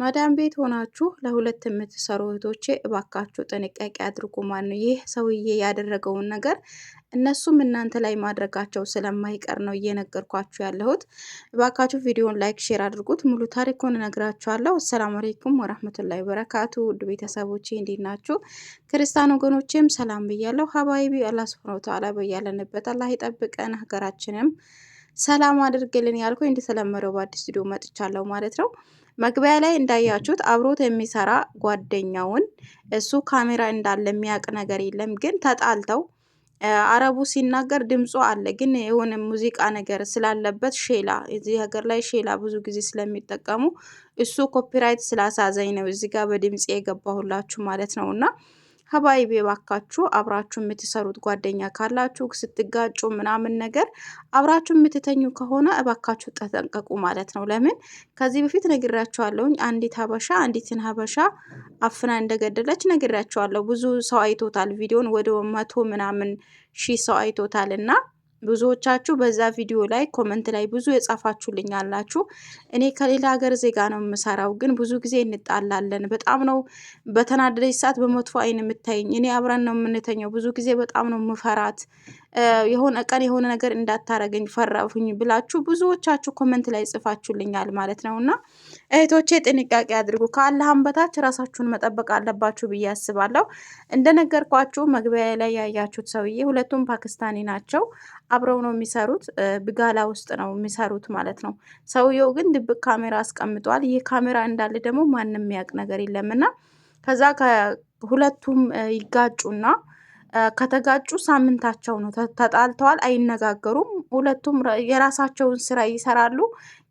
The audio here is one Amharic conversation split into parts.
ማዳም ቤት ሆናችሁ ለሁለት የምትሰሩ እህቶቼ እባካችሁ ጥንቃቄ አድርጉ። ማን ነው ይህ ሰውዬ ያደረገውን ነገር እነሱም እናንተ ላይ ማድረጋቸው ስለማይቀር ነው እየነገርኳችሁ ያለሁት። እባካችሁ ቪዲዮን ላይክ፣ ሼር አድርጉት። ሙሉ ታሪኩን እነግራችኋለሁ። አሰላሙ አሌይኩም ወራህመቱላሂ በረካቱ። ውድ ቤተሰቦቼ እንዴት ናችሁ? ክርስቲያን ወገኖቼም ሰላም ብያለሁ። ሀባይቢ አላህ ሱብሃነሁ ወተዓላ በያለንበት አላህ ይጠብቀን ሀገራችንም ሰላም አድርግልን ያልኩ እንደተለመደው በአዲስ ቪዲዮ መጥቻለሁ ማለት ነው። መግቢያ ላይ እንዳያችሁት አብሮት የሚሰራ ጓደኛውን እሱ ካሜራ እንዳለ የሚያውቅ ነገር የለም፣ ግን ተጣልተው አረቡ ሲናገር ድምፁ አለ፣ ግን የሆነ ሙዚቃ ነገር ስላለበት ሼላ፣ እዚህ ሀገር ላይ ሼላ ብዙ ጊዜ ስለሚጠቀሙ እሱ ኮፒራይት ስላሳዘኝ ነው እዚህ ጋር በድምፅ የገባሁላችሁ ማለት ነው እና ሀባይቤ ባካችሁ አብራችሁ የምትሰሩት ጓደኛ ካላችሁ ስትጋጩ ምናምን ነገር አብራችሁ የምትተኙ ከሆነ እባካችሁ ተጠንቀቁ ማለት ነው። ለምን ከዚህ በፊት ነግሬያቸዋለሁኝ። አንዲት ሀበሻ አንዲትን ሀበሻ አፍና እንደገደለች ነግሬያቸዋለሁ። ብዙ ሰው አይቶታል ቪዲዮን ወደ መቶ ምናምን ሺህ ሰው አይቶታል እና ብዙዎቻችሁ በዛ ቪዲዮ ላይ ኮመንት ላይ ብዙ የጻፋችሁልኝ አላችሁ። እኔ ከሌላ ሀገር ዜጋ ነው የምሰራው፣ ግን ብዙ ጊዜ እንጣላለን። በጣም ነው በተናደደች ሰዓት በመጥፎ አይን የምታይኝ። እኔ አብረን ነው የምንተኘው። ብዙ ጊዜ በጣም ነው ምፈራት የሆነ ቀን የሆነ ነገር እንዳታረገኝ ፈራሁኝ ብላችሁ ብዙዎቻችሁ ኮመንት ላይ ጽፋችሁልኛል ማለት ነው። እና እህቶቼ ጥንቃቄ አድርጉ። ከአላህም በታች ራሳችሁን መጠበቅ አለባችሁ ብዬ አስባለሁ። እንደነገርኳችሁ መግቢያ ላይ ያያችሁት ሰውዬ ሁለቱም ፓኪስታኒ ናቸው። አብረው ነው የሚሰሩት፣ ብጋላ ውስጥ ነው የሚሰሩት ማለት ነው። ሰውየው ግን ድብቅ ካሜራ አስቀምጧል። ይህ ካሜራ እንዳለ ደግሞ ማንም የሚያውቅ ነገር የለምና ከዛ ከሁለቱም ይጋጩና ከተጋጩ ሳምንታቸው ነው። ተጣልተዋል፣ አይነጋገሩም። ሁለቱም የራሳቸውን ስራ ይሰራሉ፣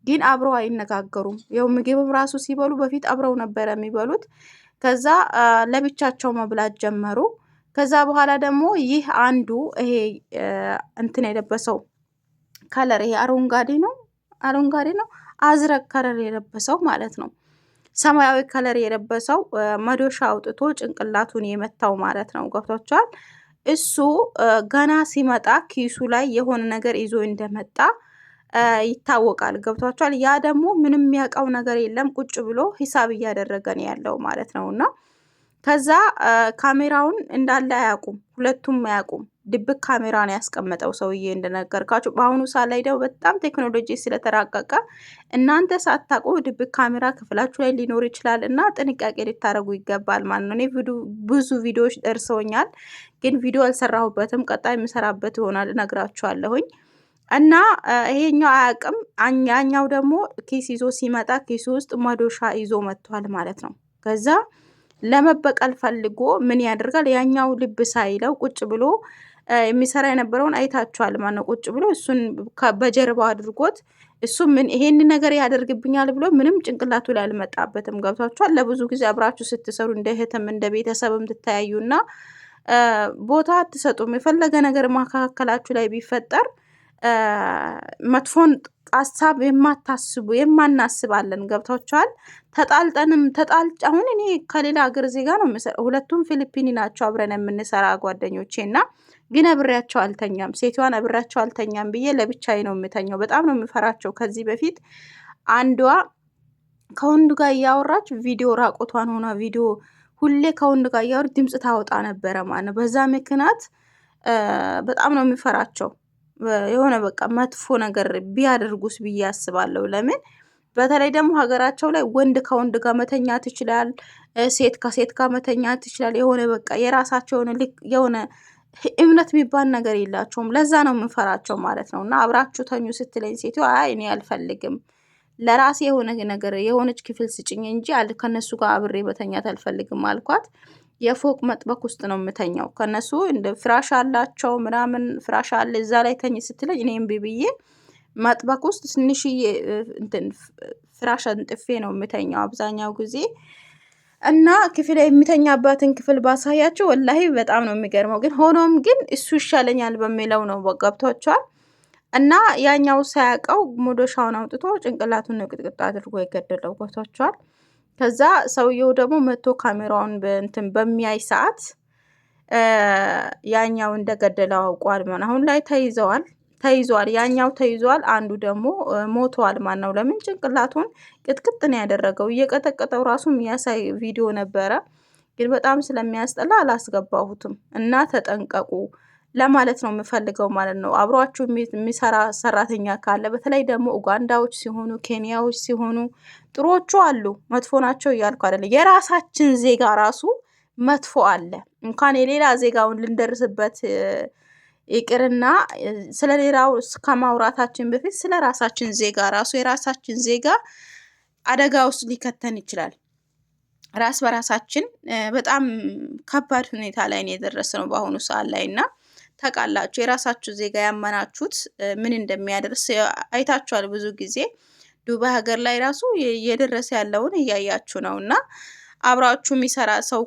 ግን አብረው አይነጋገሩም። ያው ምግብም ራሱ ሲበሉ በፊት አብረው ነበረ የሚበሉት። ከዛ ለብቻቸው መብላት ጀመሩ። ከዛ በኋላ ደግሞ ይህ አንዱ ይሄ እንትን የለበሰው ከለር ይሄ አረንጓዴ ነው፣ አረንጓዴ ነው፣ አዝረግ ከለር የለበሰው ማለት ነው ሰማያዊ ከለር የለበሰው መዶሻ አውጥቶ ጭንቅላቱን የመታው ማለት ነው። ገብቷቸዋል። እሱ ገና ሲመጣ ኪሱ ላይ የሆነ ነገር ይዞ እንደመጣ ይታወቃል። ገብቷቸዋል። ያ ደግሞ ምንም የሚያውቀው ነገር የለም። ቁጭ ብሎ ሂሳብ እያደረገ ነው ያለው ማለት ነው እና ከዛ ካሜራውን እንዳለ አያውቁም፣ ሁለቱም አያውቁም። ድብቅ ካሜራን ያስቀመጠው ሰውዬ እንደነገርካቸው። በአሁኑ ሰዓት ላይ ደው በጣም ቴክኖሎጂ ስለተራቀቀ እናንተ ሳታውቁ ድብቅ ካሜራ ክፍላችሁ ላይ ሊኖር ይችላል እና ጥንቃቄ ልታደረጉ ይገባል ማለት ነው። እኔ ብዙ ቪዲዮዎች ደርሰውኛል፣ ግን ቪዲዮ አልሰራሁበትም። ቀጣይ የምሰራበት ይሆናል፣ እነግራችኋለሁኝ። እና ይሄኛው አያውቅም። ያኛው ደግሞ ኪስ ይዞ ሲመጣ ኪስ ውስጥ መዶሻ ይዞ መጥቷል ማለት ነው ከዛ ለመበቀል ፈልጎ ምን ያደርጋል? ያኛው ልብ ሳይለው ቁጭ ብሎ የሚሰራ የነበረውን አይታችኋል ማነው ቁጭ ብሎ እሱን በጀርባው አድርጎት እሱ ምን ይሄን ነገር ያደርግብኛል ብሎ ምንም ጭንቅላቱ ላይ አልመጣበትም። ገብቷችኋል? ለብዙ ጊዜ አብራችሁ ስትሰሩ እንደ እህትም እንደ ቤተሰብም ትተያዩና ቦታ አትሰጡም። የፈለገ ነገር መካከላችሁ ላይ ቢፈጠር መጥፎን ሀሳብ የማታስቡ የማናስባለን ገብቷቸዋል። ተጣልጠንም ተጣልጭ አሁን እኔ ከሌላ ሀገር ዜጋ ነው ሁለቱም ፊሊፒኒ ናቸው አብረን የምንሰራ ጓደኞቼ እና ግን አብሬያቸው አልተኛም። ሴትዋን አብሬያቸው አልተኛም ብዬ ለብቻዬ ነው የምተኛው። በጣም ነው የምፈራቸው። ከዚህ በፊት አንዷ ከወንዱ ጋር እያወራች ቪዲዮ ራቆቷን ሆና ቪዲዮ ሁሌ ከወንድ ጋር እያወራች ድምፅ ታወጣ ነበረ ማለት ነው። በዛ ምክንያት በጣም ነው የምፈራቸው። የሆነ በቃ መጥፎ ነገር ቢያደርጉስ ብዬ አስባለሁ። ለምን በተለይ ደግሞ ሀገራቸው ላይ ወንድ ከወንድ ጋር መተኛት ይችላል፣ ሴት ከሴት ጋር መተኛት ይችላል። የሆነ በቃ የራሳቸውን ልክ የሆነ እምነት የሚባል ነገር የላቸውም። ለዛ ነው የምንፈራቸው ማለት ነው። እና አብራችሁ ተኙ ስትለኝ ሴት አይ እኔ አልፈልግም ለራሴ የሆነ ነገር የሆነች ክፍል ስጭኝ እንጂ ከነሱ ጋር አብሬ መተኛት አልፈልግም አልኳት። የፎቅ መጥበቅ ውስጥ ነው የምተኛው። ከነሱ ፍራሽ አላቸው ምናምን ፍራሽ አለ እዛ ላይ ተኝ ስትለኝ እኔ ቢብዬ መጥበቅ ውስጥ ትንሽዬ ፍራሽ አንጥፌ ነው የምተኛው አብዛኛው ጊዜ እና ክፍል የሚተኛባትን ክፍል ባሳያቸው ወላሂ በጣም ነው የሚገርመው። ግን ሆኖም ግን እሱ ይሻለኛል በሚለው ነው ገብቷቸዋል። እና ያኛው ሳያውቀው ሞዶሻውን አውጥቶ ጭንቅላቱን ቅጥቅጥ አድርጎ የገደለው ገብቷቸዋል። ከዛ ሰውየው ደግሞ መቶ ካሜራውን እንትን በሚያይ ሰዓት ያኛው እንደገደለው አውቋል። ማን አሁን ላይ ተይዘዋል ተይዟል ያኛው ተይዟል። አንዱ ደግሞ ሞተዋል። ማን ነው ለምን ጭንቅላቱን ቅጥቅጥ ነው ያደረገው። እየቀጠቀጠው ራሱ የሚያሳይ ቪዲዮ ነበረ፣ ግን በጣም ስለሚያስጠላ አላስገባሁትም እና ተጠንቀቁ። ለማለት ነው የምፈልገው ማለት ነው። አብሯችሁ የሚሰራ ሰራተኛ ካለ በተለይ ደግሞ ኡጋንዳዎች ሲሆኑ ኬንያዎች ሲሆኑ ጥሮቹ አሉ፣ መጥፎ ናቸው እያልኩ አይደለም። የራሳችን ዜጋ ራሱ መጥፎ አለ። እንኳን የሌላ ዜጋውን ልንደርስበት ይቅርና ስለ ሌላው ከማውራታችን በፊት ስለ ራሳችን ዜጋ ራሱ የራሳችን ዜጋ አደጋ ውስጥ ሊከተን ይችላል። ራስ በራሳችን በጣም ከባድ ሁኔታ ላይ ነው የደረስነው በአሁኑ ሰዓት ላይ እና ታውቃላችሁ። የራሳችሁ ዜጋ ያመናችሁት ምን እንደሚያደርስ አይታችኋል። ብዙ ጊዜ ዱባይ ሀገር ላይ ራሱ እየደረሰ ያለውን እያያችሁ ነው እና አብራችሁ የሚሰራ ሰው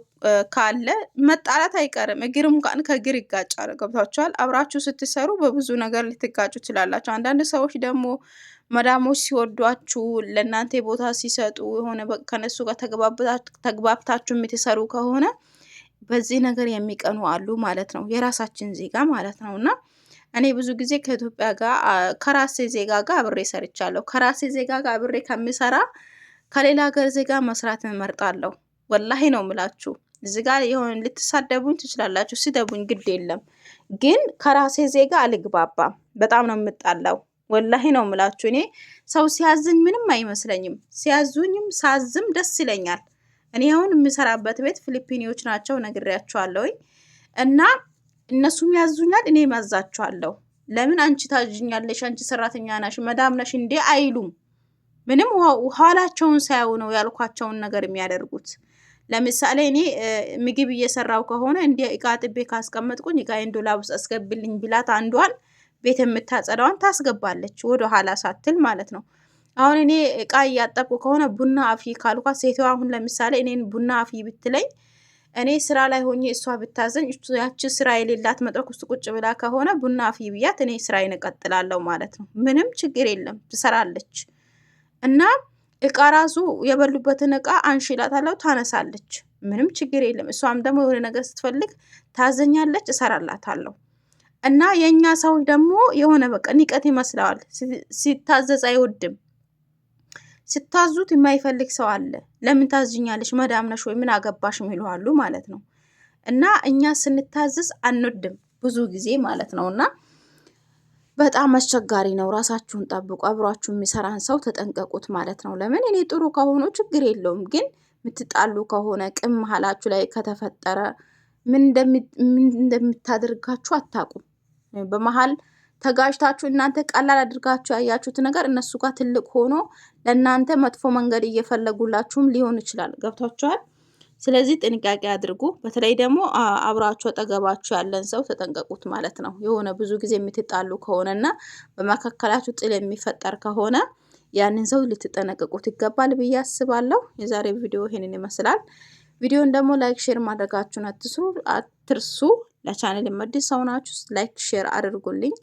ካለ መጣላት አይቀርም። እግርም እንኳን ከእግር ይጋጫል። ገብታችኋል። አብራችሁ ስትሰሩ በብዙ ነገር ልትጋጩ ትችላላችሁ። አንዳንድ ሰዎች ደግሞ መዳሞች ሲወዷችሁ ለእናንተ ቦታ ሲሰጡ የሆነ ከነሱ ጋር ተግባብታችሁ የምትሰሩ ከሆነ በዚህ ነገር የሚቀኑ አሉ ማለት ነው። የራሳችን ዜጋ ማለት ነው እና እኔ ብዙ ጊዜ ከኢትዮጵያ ጋር ከራሴ ዜጋ ጋር አብሬ ሰርቻለሁ። ከራሴ ዜጋ ጋር አብሬ ከሚሰራ ከሌላ ሀገር ዜጋ መስራት እንመርጣለሁ። ወላሂ ነው ምላችሁ። እዚ ጋር የሆነ ልትሳደቡኝ ትችላላችሁ። ሲደቡኝ ግድ የለም ግን ከራሴ ዜጋ አልግባባም። በጣም ነው የምጣላው። ወላሂ ነው ምላችሁ። እኔ ሰው ሲያዝኝ ምንም አይመስለኝም። ሲያዙኝም ሳዝም ደስ ይለኛል። እኔ አሁን የምሰራበት ቤት ፊሊፒኒዎች ናቸው ነግሬያቸዋለሁኝ። እና እነሱም ያዙኛል፣ እኔ ያዛቸዋለሁ። ለምን አንቺ ታዥኛለሽ፣ አንቺ ሰራተኛ ነሽ፣ መዳም ነሽ እንዴ አይሉም። ምንም ኋላቸውን ሳያው ነው ያልኳቸውን ነገር የሚያደርጉት። ለምሳሌ እኔ ምግብ እየሰራው ከሆነ እንዲ እቃ ጥቤ ካስቀመጥኩኝ እቃ ዶላር ውስጥ አስገብልኝ ብላት አንዷን ቤት የምታጸዳዋን ታስገባለች፣ ወደ ኋላ ሳትል ማለት ነው። አሁን እኔ እቃ እያጠብኩ ከሆነ ቡና አፍይ ካልኳ ሴትዋ አሁን ለምሳሌ እኔን ቡና አፍይ ብትለኝ እኔ ስራ ላይ ሆኜ እሷ ብታዘኝ ያቺ ስራ የሌላት መጥረክ ውስጥ ቁጭ ብላ ከሆነ ቡና አፍይ ብያት እኔ ስራዬን እቀጥላለሁ ማለት ነው። ምንም ችግር የለም ትሰራለች። እና እቃ ራሱ የበሉበትን እቃ አንሺ ታነሳለች። ምንም ችግር የለም። እሷም ደግሞ የሆነ ነገር ስትፈልግ ታዘኛለች፣ እሰራላታለሁ። እና የእኛ ሰው ደግሞ የሆነ በቃ ንቀት ይመስለዋል። ሲታዘዝ አይወድም። ስታዙት የማይፈልግ ሰው አለ። ለምን ታዝኛለሽ መዳም ነሽ ወይ ምን አገባሽ የሚሉ አሉ ማለት ነው። እና እኛ ስንታዘዝ አንወድም ብዙ ጊዜ ማለት ነው። እና በጣም አስቸጋሪ ነው። ራሳችሁን ጠብቁ። አብሯችሁ የሚሰራን ሰው ተጠንቀቁት ማለት ነው። ለምን እኔ ጥሩ ከሆኑ ችግር የለውም ግን የምትጣሉ ከሆነ ቅም መሀላችሁ ላይ ከተፈጠረ ምን እንደምታደርጋችሁ አታውቁም በመሀል ተጋጅታችሁ እናንተ ቀላል አድርጋችሁ ያያችሁት ነገር እነሱ ጋር ትልቅ ሆኖ ለእናንተ መጥፎ መንገድ እየፈለጉላችሁም ሊሆን ይችላል። ገብቷችኋል? ስለዚህ ጥንቃቄ አድርጉ። በተለይ ደግሞ አብራችሁ አጠገባችሁ ያለን ሰው ተጠንቀቁት ማለት ነው። የሆነ ብዙ ጊዜ የምትጣሉ ከሆነና በመካከላችሁ ጥል የሚፈጠር ከሆነ ያንን ሰው ልትጠነቀቁት ይገባል ብዬ አስባለሁ። የዛሬ ቪዲዮ ይሄንን ይመስላል። ቪዲዮን ደግሞ ላይክ፣ ሼር ማድረጋችሁን አትርሱ። ለቻኔል የመድስ ሰውናችሁ ላይክ ሼር አድርጉልኝ።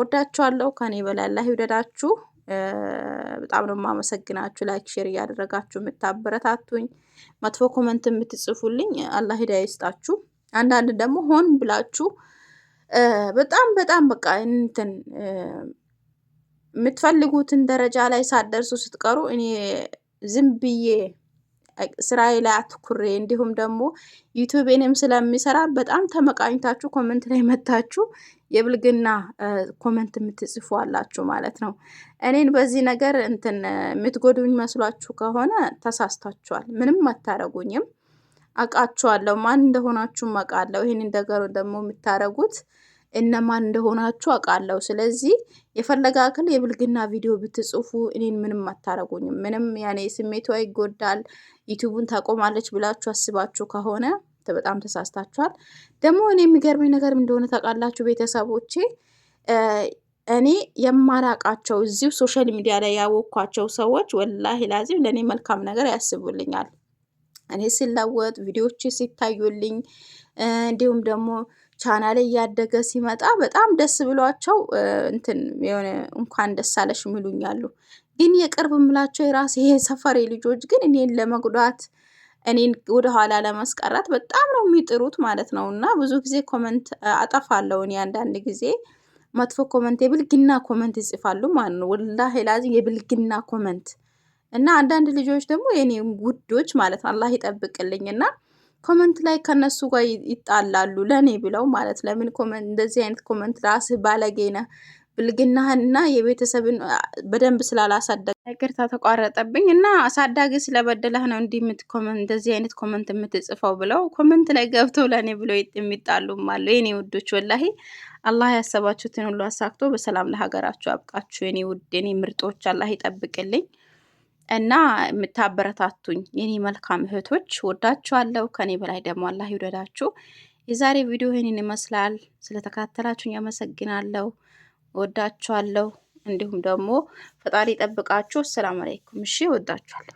ወዳችኋለሁ። ከኔ በላይ አላህ ይውደዳችሁ። በጣም ነው የማመሰግናችሁ። ላይክ ሼር እያደረጋችሁ የምታበረታቱኝ፣ መጥፎ ኮመንት የምትጽፉልኝ አላህ ሂዳያ ይስጣችሁ። አንዳንድ ደግሞ ሆን ብላችሁ በጣም በጣም በቃ እንትን የምትፈልጉትን ደረጃ ላይ ሳትደርሱ ስትቀሩ እኔ ዝም ብዬ ስራዬ ላይ አትኩሬ እንዲሁም ደግሞ ዩቱቤንም ስለሚሰራ በጣም ተመቃኝታችሁ ኮመንት ላይ መታችሁ የብልግና ኮመንት የምትጽፉ አላችሁ ማለት ነው። እኔን በዚህ ነገር እንትን የምትጎዱኝ መስሏችሁ ከሆነ ተሳስታችኋል። ምንም አታረጉኝም። አቃችኋለሁ። ማን እንደሆናችሁም አቃለሁ። ይህንን ነገር ደግሞ የምታረጉት እነማን እንደሆናችሁ አውቃለሁ። ስለዚህ የፈለገ አክል የብልግና ቪዲዮ ብትጽፉ እኔን ምንም አታረጉኝም። ምንም ያኔ ስሜቷ ይጎዳል። ዩቱቡን ታቆማለች ብላችሁ አስባችሁ ከሆነ በጣም ተሳስታችኋል። ደግሞ እኔ የሚገርመኝ ነገር እንደሆነ ታውቃላችሁ ቤተሰቦቼ እኔ የማላቃቸው እዚሁ ሶሻል ሚዲያ ላይ ያወኳቸው ሰዎች ወላሂ ላዚም ለእኔ መልካም ነገር ያስቡልኛል። እኔ ሲለወጥ ቪዲዮች ሲታዩልኝ እንዲሁም ደግሞ ቻናል እያደገ ሲመጣ በጣም ደስ ብሏቸው እንትን የሆነ እንኳን ደስ አለሽ የሚሉኛሉ። ግን የቅርብ የምላቸው የራሴ ሰፈሬ ልጆች ግን እኔን ለመጉዳት እኔን ወደኋላ ለማስቀረት በጣም ነው የሚጥሩት ማለት ነው። እና ብዙ ጊዜ ኮመንት አጠፋለሁ እኔ አንዳንድ ጊዜ መጥፎ ኮመንት የብልግና ኮመንት ይጽፋሉ ማለት ነው። ወላሂ ላዚ የብልግና ኮመንት እና አንዳንድ ልጆች ደግሞ የኔ ውዶች ማለት ነው። አላህ ይጠብቅልኝና ኮመንት ላይ ከነሱ ጋር ይጣላሉ ለእኔ ብለው ማለት ለምን ኮመንት እንደዚህ አይነት ኮመንት ራስህ ባለጌ ነህ ብልግናህንና የቤተሰብን በደንብ ስላላሳደግ ይቅርታ ተቋረጠብኝ እና አሳዳጊ ስለበደለህ ነው እንዲህ እንደዚህ አይነት ኮመንት የምትጽፈው ብለው ኮመንት ላይ ገብተው ለእኔ ብለው የሚጣሉም አሉ። የኔ ውዶች ወላሂ አላህ ያሰባችሁትን ሁሉ አሳክቶ በሰላም ለሀገራችሁ አብቃችሁ የኔ ውድ የኔ ምርጦች አላህ ይጠብቅልኝ። እና የምታበረታቱኝ የኔ መልካም እህቶች ወዳችኋለሁ። ከኔ በላይ ደግሞ አላህ ይውደዳችሁ። የዛሬ ቪዲዮ ይህንን ይመስላል። ስለተከታተላችሁኝ አመሰግናለሁ። ወዳችኋለሁ። እንዲሁም ደግሞ ፈጣሪ ይጠብቃችሁ። አሰላሙ አለይኩም። እሺ፣ ወዳችኋለሁ።